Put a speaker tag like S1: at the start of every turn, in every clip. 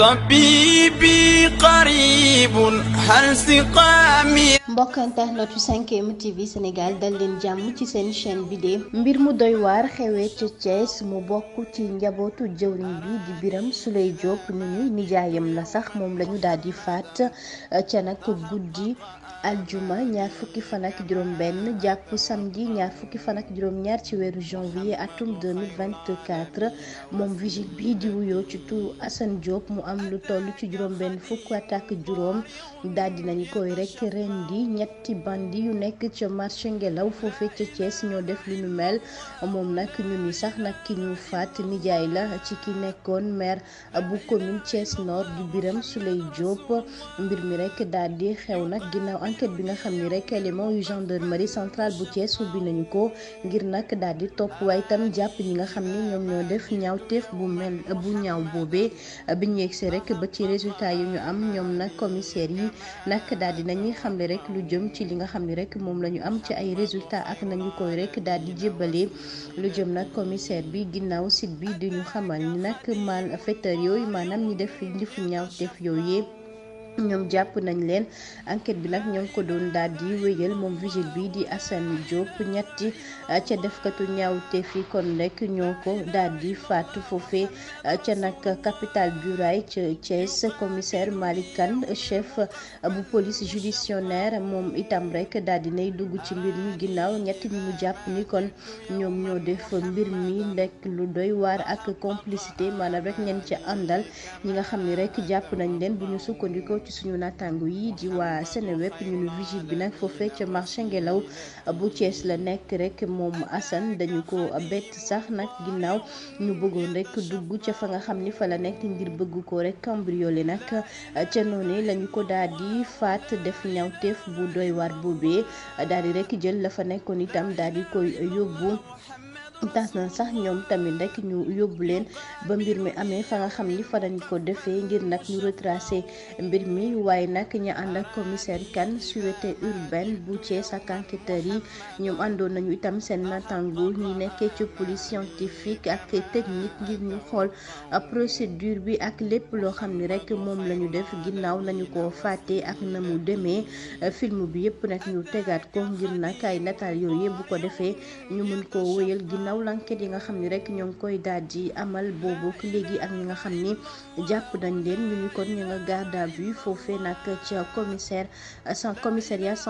S1: طبيبي قريب هل سقامي mbokk internet yu 5M TV Sénégal dal leen jàmm ci seen chaîne bi mbir mu doy waar xewee ca Thiès mu bokk ci njabootu jëwriñ bi di biram Souleye Diop ni ñuy nijaayam la sax moom lañu ñu daal di faat ca nag guddi aljuma ñaar fukki fan ak juróom jàpp samedi ñaar fukki fan ak juróom-ñaar ci weeru janvier atum 2024 moom vigile bi di wuyoo ci turu Assane Diop mu am lu toll ci juróom-benn fukk attaque juróom daal nañu koy rek rendi ñetti bandi yu nekk ca marché ngelaw foofe ca Thiès ñoo def li nu mel moom nag ñu ni sax nag ki ñu faat nijaay la ci ki nekkoon maire bu commune Thiès Nord di Birame Souleye Diop mbir mi rek daal di xew nag ginnaaw enquête bi nga xam ni rek élément yu gendarmerie centrale bu Thiès ubbi nañu ko ngir nag daal di topp waaye tam jàpp ñi nga xam ni ñoom ñoo def ñaaw teef bu mel bu ñaaw boobee bi ñu yegsee rek ba ci résultat yi ñu am ñoom nag commissaire yi nag daal di nañuy lu jëm ci li nga xam ni rek moom la ñu am ci ay résultat ak nañu koy rek daal di jébbalee lu jëm nag commissaire bi ginnaaw sit bi di ñu xamal ni nag malfaiteurs yooyu maanaam ñi def li fu ñaaw def yooyu yëpp. ñoom jàpp nañ leen enquête bi nag ñoo ko doon daal di wéyal moom vigile bi di Assane Diop ñetti ah, ca defkatu te fi kon rek ñoo ko daal di faatu foofee ah, ca nag capitale Biray ca Thiès commissaire Malick Kane chef bu police judiciaire moom itam rek daal di nay dugg ci mbir mi ginnaaw ñett ñi mu jàpp ni kon ñoom ñoo def mbir mi nekk lu doy waar ak complicité maanaam rek ñeen ca àndal ñi nga xam ni rek jàpp nañ leen bu ñu sukkandikoo ci suñu naataango yi di waa Seneweb ñu nu vigile bi nag foofee ca marché ngelaw bu Thiès la nekk rekk moom Assane dañu ko bett sax nag ginnaaw ñu bëggoon rekk dugg ca fa nga xam ni fa la nekk ngir bëgg ko rek cambriolé nag ca noonu lañu ko daal di faat def ñawteef bu doy waar boobee daldi di rek jël la fa nekkoon itam daal di koy yóbbu. tax na sax ñoom tamit rek ñu yóbbu leen ba mbir mi amee fa nga xam ni fa dañ ko defee ngir nag ñu retracé mbir mi waaye nag ña ànd ak commissaire Kane sûreté urbaine bu Thiès ak enquêteurs yi ñoom àndoon nañu itam seen natango ñi nekkee ci police scientifique ak technique ngir ñu xool procédure bi ak lépp loo xam ni rek moom la def ginnaaw nañu ko fàtte ak na mu demee film bi yëpp nag ñu tegaat ko ngir nag ay nataal yooyu bu ko defee ñu mën ko wéyal gannaaw lanket yi nga xam ni rekk ñoo ngi koy daal di amal boobu léegi ak ñi nga xam ni jàpp nañ leen ñu ngi kon ñu nga garde à vue foofee nag ca commissaire sans commissariat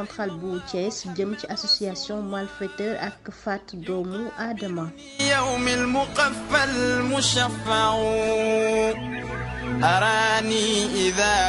S1: bu Thiès jëm ci association malfaiteur ak faat doomu aadama yawmil muqaffal mushaffa arani idha